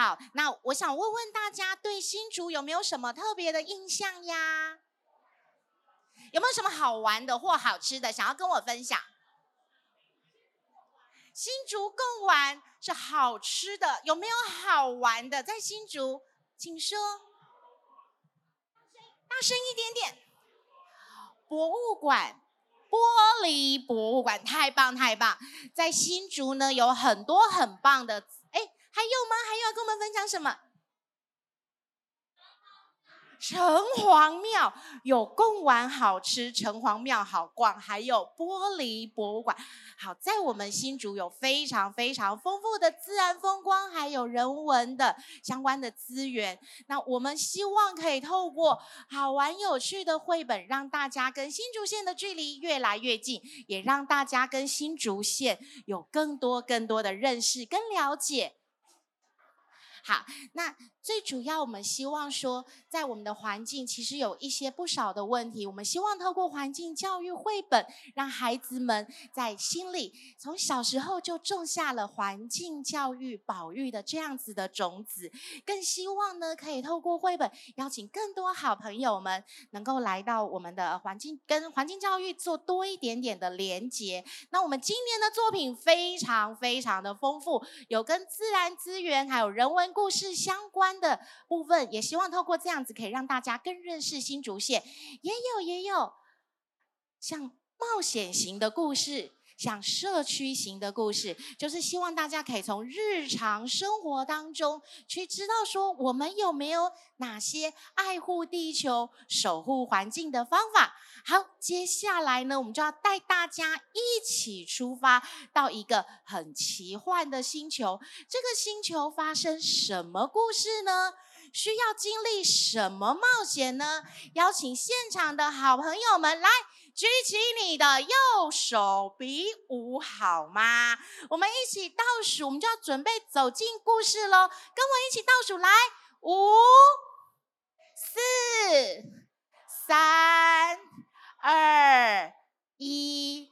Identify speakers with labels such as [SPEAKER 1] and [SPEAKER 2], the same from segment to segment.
[SPEAKER 1] 好，那我想問問大家，對新竹有沒有什麼特別的印象呀？有沒有什麼好玩的或好吃的想要跟我分享？新竹貢丸是好吃的，有沒有好玩的在新竹？請說，大聲一點點。博物館，玻璃博物館，太棒太棒！在新竹呢，有很多很棒的。還有嗎？還有要跟我們分享什麼？城隍廟有貢丸好吃，城隍廟好逛，還有玻璃博物館。好，在我們新竹有非常非常豐富的自然風光，還有人文的相關的資源。那我們希望可以透過好玩有趣的繪本，讓大家跟新竹縣的距離越來越近，也讓大家跟新竹縣有更多更多的認識跟了解。好，那。最主要，我們希望說，在我們的環境其實有一些不少的問題。我們希望透過環境教育繪本，讓孩子們在心裡從小時候就種下了環境教育保育的這樣子的種子。更希望呢，可以透過繪本，邀請更多好朋友們能夠來到我們的環境，跟環境教育做多一點點的連接。那我們今年的作品非常非常的豐富，有跟自然資源還有人文故事相關。的部分，也希望透過這樣子，可以讓大家更認識新竹縣，也有也有像冒險型的故事。像社區型的故事，就是希望大家可以從日常生活當中去知道說，我們有沒有哪些愛護地球、守護環境的方法。好，接下來呢，我們就要帶大家一起出發到一個很奇幻的星球。這個星球發生什麼故事呢？需要經歷什麼冒險呢？邀請現場的好朋友們來。舉起你的右手比五好嗎？我們一起倒數，我們就要準備走進故事嘍。跟我一起倒數，來，五、四、三、二、一。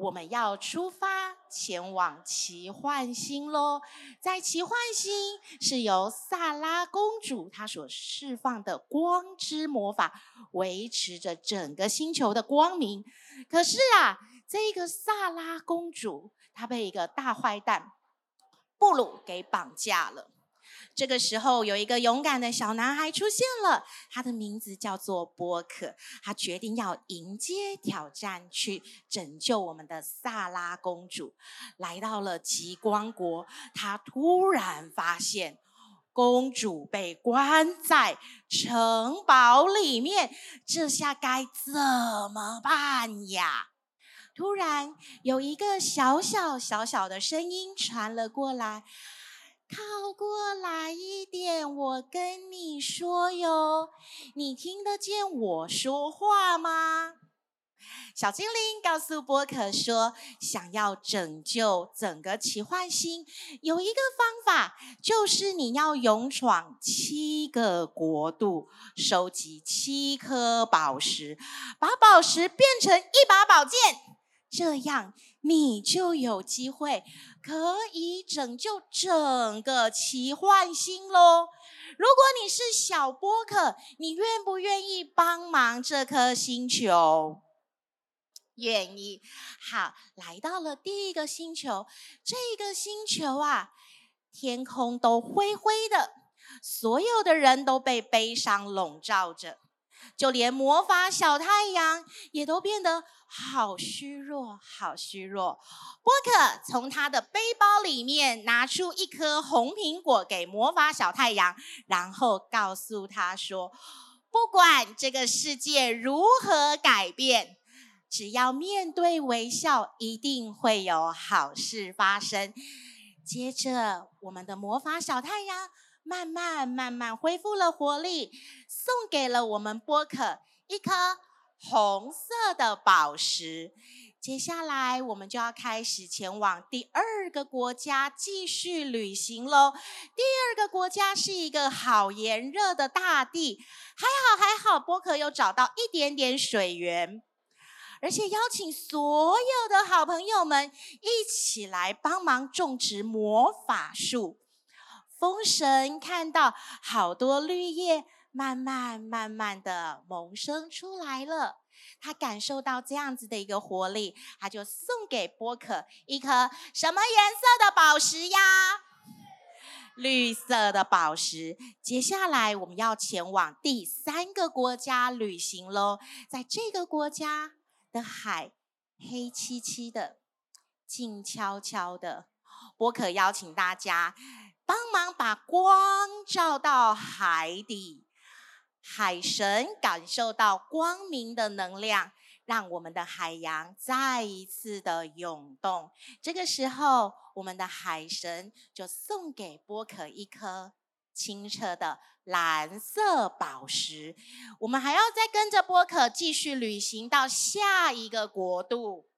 [SPEAKER 1] 我們要出發前往奇幻星咯在奇幻星是由薩拉公主她所釋放的光之魔法，維持着整個星球的光明。可是啊，這個薩拉公主她被一個大壞蛋布魯給綁架了。這個時候，有一個勇敢的小男孩出現了，他的名字叫做波克。他決定要迎接挑戰，去拯救我們的薩拉公主。來到了極光國，他突然發現公主被關在城堡裡面，這下該怎麼辦呀？突然有一個小小小小的聲音傳了過來。靠過來一點，我跟你說喲，你聽得見我說話嗎？小精靈告訴波克說，想要拯救整個奇幻星，有一個方法，就是你要勇闖七個國度，收集七顆寶石，把寶石變成一把寶劍。這樣，你就有機會可以拯救整個奇幻星咯，如果你是小波克，你願不願意幫忙這顆星球？願意。好，來到了第一個星球，這個星球啊，天空都灰灰的，所有的人都被悲傷籠罩着。就連魔法小太陽也都變得好虛弱，好虛弱。波克從他的背包裡面拿出一顆紅蘋果給魔法小太陽，然後告訴他說：“不管這個世界如何改變，只要面對微笑，一定會有好事發生。”接着，我們的魔法小太陽。慢慢慢慢恢復了活力，送給了我們波克一顆紅色的寶石。接下來，我們就要開始前往第二個國家繼續旅行嘍。第二個國家是一個好炎熱的大地，還好還好，波克又找到一點點水源，而且邀請所有的好朋友們一起來幫忙種植魔法樹。風神看到好多綠葉，慢慢慢慢地萌生出來了。他感受到這樣子的一個活力，他就送給波可一顆什麼顏色的寶石呀？綠色的寶石。接下來我們要前往第三個國家旅行咯。在這個國家的海黑漆漆的，靜悄悄的。波可邀請大家。幫忙把光照到海底，海神感受到光明的能量，讓我們的海洋再一次的湧動。這個時候，我們的海神就送給波克一顆清澈的藍色寶石。我們還要再跟着波克繼續旅行到下一個國度。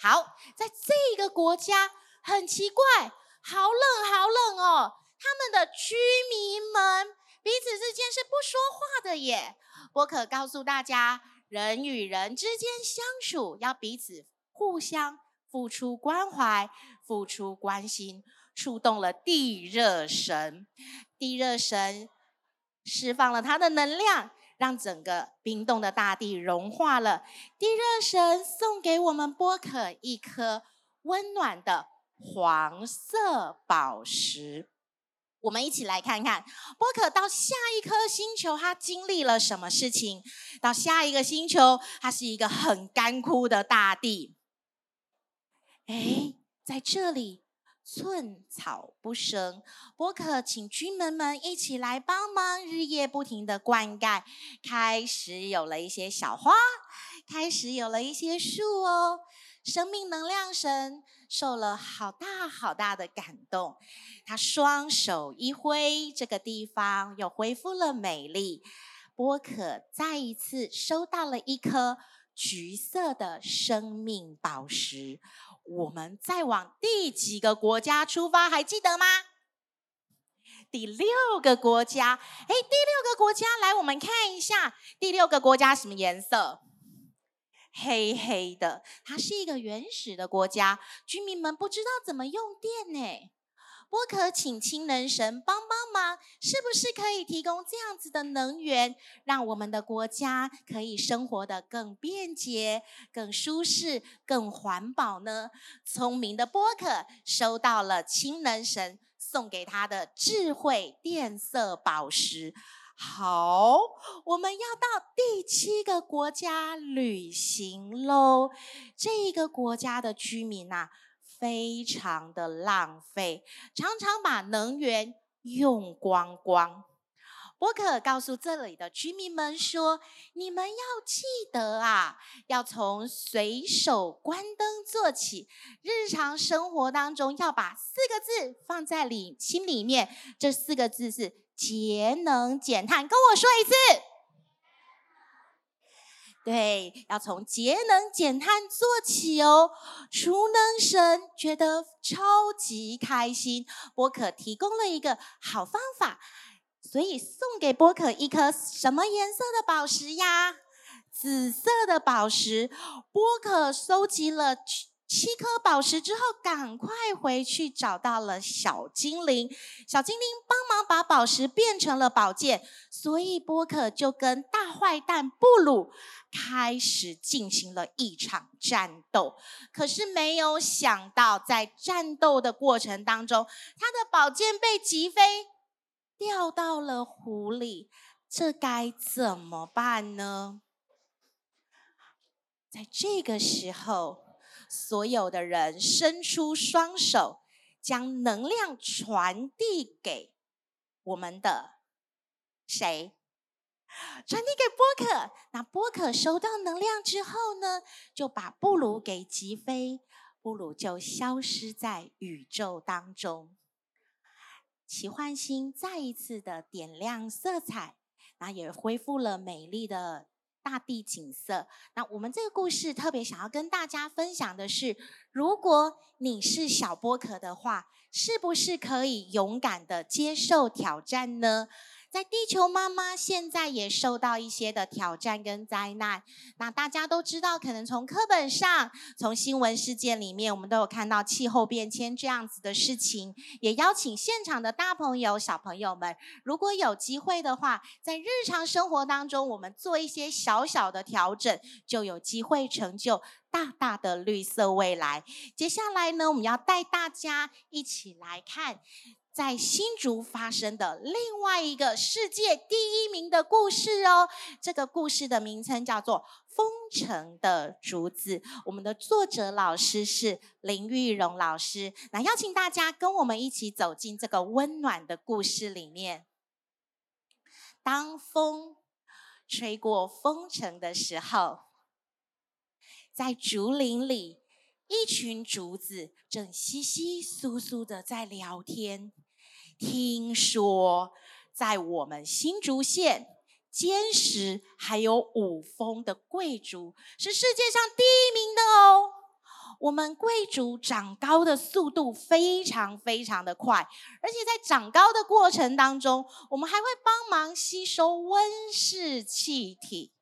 [SPEAKER 1] 好，在這個國家，很奇怪。好冷好冷哦！他們的居民們彼此之間是不說話的耶。波可告訴大家，人與人之間相處要彼此互相付出關懷、付出關心，觸動了地熱神，地熱神釋放了他的能量，讓整個冰凍的大地融化了。地熱神送給我們波可一顆溫暖的。黃色寶石，我們一起來看看波克到下一顆星球，它經歷了什麼事情？到下一個星球，它是一個很乾枯的大地。哎，在這裡寸草不生。波克請居民們，們一起來幫忙，日夜不停的灌溉，開始有了一些小花，開始有了一些樹哦。生命能量神受了好大好大的感動，他雙手一揮，這個地方又恢復了美麗。波可再一次收到了一顆橘色的生命寶石。我們再往第幾個國家出發？還記得嗎？第六個國家。哎，第六個國家，來，我們看一下第六個國家什麼顏色？黑黑的，它是一個原始的國家，居民們不知道怎麼用電呢？波克請氫能神幫幫忙，是不是可以提供這樣子的能源，讓我們的國家可以生活得更便捷、更舒適、更環保呢？聰明的波克收到了氫能神送給他的智慧變色寶石。好，我們要到第七個國家旅行嘍。這一個國家的居民吶、啊，非常的浪費，常常把能源用光光。我可告訴這裡的居民們說，你們要記得啊，要從隨手關燈做起。日常生活當中，要把四個字放在裡心裡面，這四個字是。節能減碳，跟我說一次。對，要從節能減碳做起哦。廚能神覺得超級開心，波可提供了一個好方法，所以送給波可一顆什麼顏色的寶石呀？紫色的寶石，波可收集了。七顆寶石之後，趕快回去找到了小精靈，小精靈幫忙把寶石變成了寶劍，所以波克就跟大壞蛋布魯開始進行了一場戰鬥。可是沒有想到，在戰鬥的過程當中，他的寶劍被擊飛，掉到了湖裡。這該怎麼辦呢？在這個時候。所有的人伸出雙手，將能量傳遞給我們的誰？傳遞給波克，那波克收到能量之後呢，就把布魯給擊飛，布魯就消失在宇宙當中。奇幻星再一次的點亮色彩，那也恢復了美麗的。大地景色。那我們這個故事特別想要跟大家分享的是，如果你是小波殼的話，是不是可以勇敢的接受挑戰呢？在地球媽媽現在也受到一些的挑戰跟災難。那大家都知道，可能從課本上、從新聞事件裡面，我們都有看到氣候變遷這樣子的事情。也邀請現場的大朋友、小朋友們，如果有機會的話，在日常生活當中，我們做一些小小的調整，就有機會成就大大的綠色未來。接下來呢，我們要帶大家一起來看。在新竹發生的另外一個世界第一名的故事哦，這個故事的名稱叫做《風城的竹子》。我們的作者老師是林毓容老師，那邀請大家跟我們一起走進這個溫暖的故事裡面。當風吹過風城的時候，在竹林裡，一群竹子正稀稀疏疏的在聊天。聽說，在我們新竹縣、尖石還有五峰的桂竹是世界上第一名的哦。我們桂竹長高的速度非常非常的快，而且在長高的過程當中，我們還會幫忙吸收溫室氣體，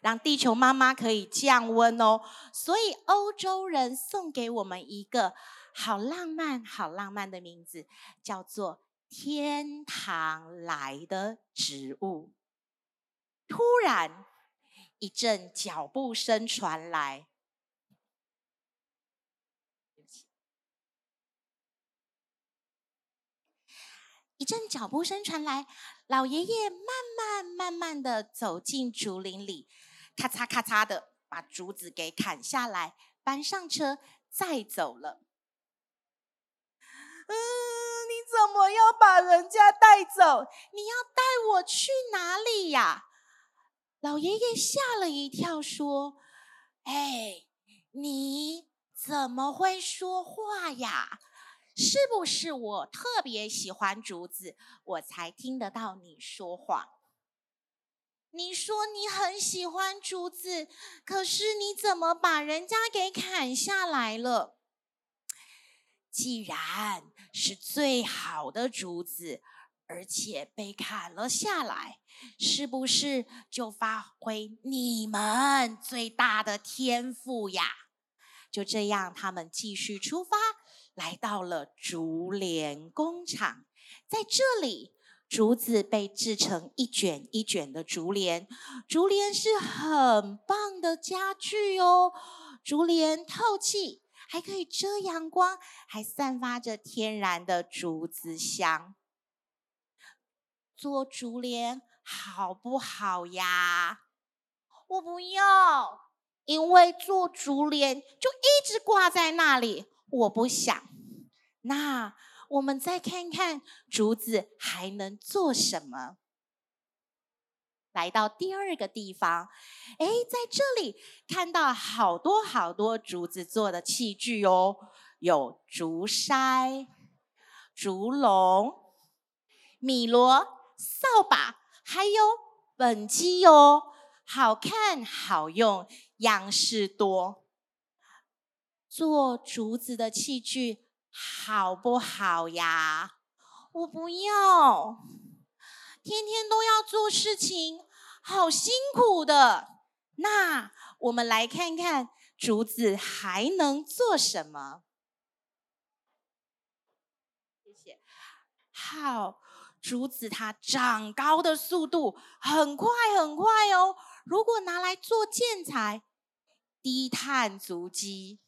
[SPEAKER 1] 讓地球媽媽可以降溫哦。所以歐洲人送給我們一個。好浪漫，好浪漫的名字，叫做“天堂來的植物”。突然，一陣腳步聲傳來。一陣腳步聲傳來，老爺爺慢慢、慢慢的走進竹林裡，咔嚓咔嚓的把竹子給砍下來，搬上車，載走了。嗯，你怎麼要把人家帶走？你要帶我去哪裡呀？老爺爺嚇了一跳，說：“哎，你怎麼會說話呀？是不是我特別喜歡竹子，我才聽得到你說話？你說你很喜歡竹子，可是你怎麼把人家給砍下來了？既然……是最好的竹子，而且被砍了下來，是不是就發揮你們最大的天賦呀？就這樣，他們繼續出發，來到了竹簾工廠，在這裡，竹子被制成一卷一卷的竹簾，竹簾是很棒的家具喲。哦，竹簾透氣，還可以遮陽光，還散發着天然的竹子香。做竹簾好不好呀？我不要，因為做竹簾就一直掛在那裡，我不想。那我們再看看竹子還能做什麼。來到第二個地方，哎，在這裡看到好多好多竹子做的器具哦，有竹篩、竹籠、米籮、掃把、還有畚箕喲、哦，好看好用，樣式多，做竹子的器具好不好呀？我不要。天天都要做事情，好辛苦的。那我們來看看竹子還能做什麼？謝謝。好，竹子它長高的速度很快很快哦。如果拿來做建材，低碳足跡，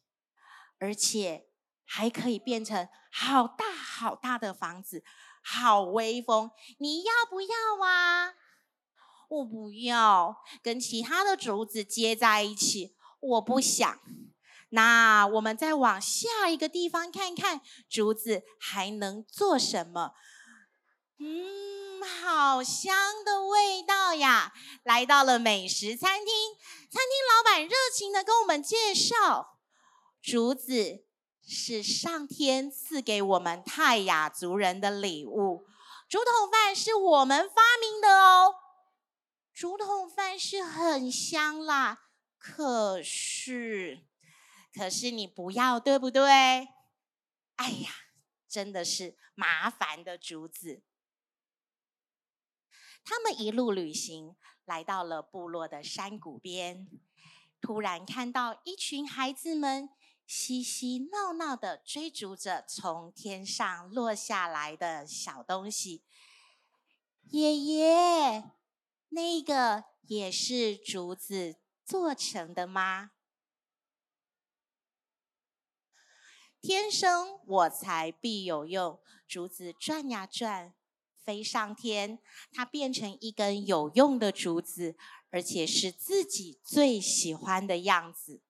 [SPEAKER 1] 而且還可以變成好大好大的房子。好威風，你要不要啊？我不要，跟其他的竹子接在一起，我不想。那我們再往下一個地方看看，竹子還能做什麼？嗯，好香的味道呀！來到了美食餐廳，餐廳老闆熱情地跟我們介紹竹子。是上天賜給我們泰雅族人的禮物，竹筒飯是我們發明的哦。竹筒飯是很香啦，可是，可是你不要，對不對？哎呀，真的是麻煩的竹子。他們一路旅行，來到了部落的山谷邊，突然看到一群孩子們。嬉嬉鬧鬧的追逐着從天上落下來的小東西。爺爺，那個也是竹子做成的嗎？天生我材必有用，竹子轉呀轉，飛上天，它變成一根有用的竹子，而且是自己最喜歡的樣子。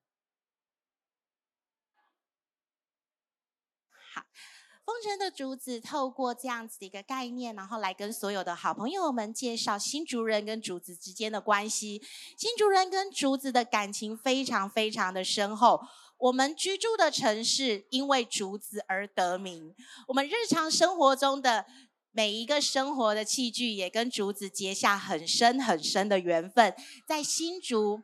[SPEAKER 1] 風城的竹子透過這樣子的一個概念，然後來跟所有的好朋友們介紹新竹人跟竹子之間的關係。新竹人跟竹子的感情非常非常的深厚。我們居住的城市因為竹子而得名，我們日常生活中的每一個生活的器具也跟竹子結下很深很深的緣分。在新竹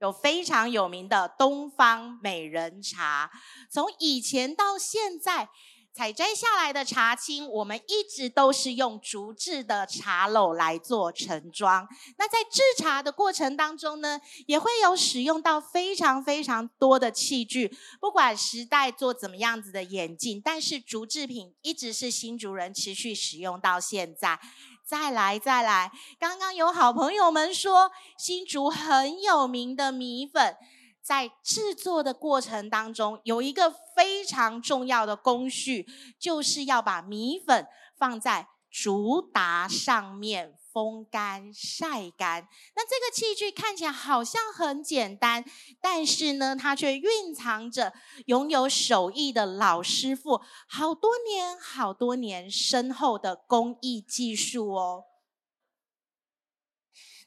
[SPEAKER 1] 有非常有名的東方美人茶，從以前到現在。採摘下來的茶青，我們一直都是用竹製的茶簍來做盛裝。那在製茶的過程當中呢，也會有使用到非常非常多的器具。不管時代做怎麼樣子的演進，但是竹製品一直是新竹人持續使用到現在。再來，再來，剛剛有好朋友們說，新竹很有名的米粉。在製作的過程當中，有一個非常重要的工序，就是要把米粉放在竹笪上面風乾、曬乾。那這個器具看起來好像很簡單，但是呢，它卻蘊藏着擁有手藝的老師傅好多年、好多年深厚的工藝技術哦。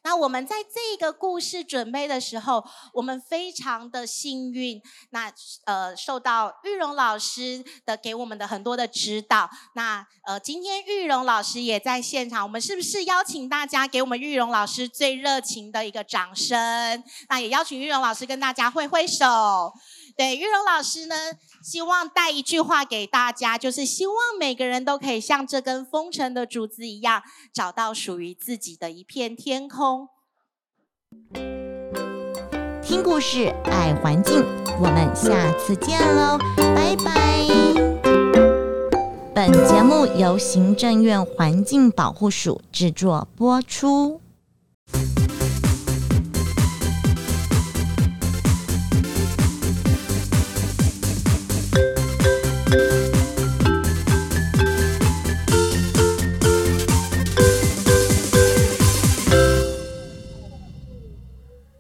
[SPEAKER 1] 那我們在這個故事準備的時候，我們非常的幸運，那呃受到毓容老師的給我們的很多的指導。那呃今天毓容老師也在現場，我們是不是邀請大家給我們毓容老師最熱情的一個掌聲？那也邀請毓容老師跟大家揮揮手。對，毓容老師呢，希望帶一句話給大家，就是希望每個人都可以像這根風城的竹子一樣，找到屬於自己的一片天空。聽故事，愛環境，我們下次見嘍，拜拜。本節目由行政院環境保護署製作播出。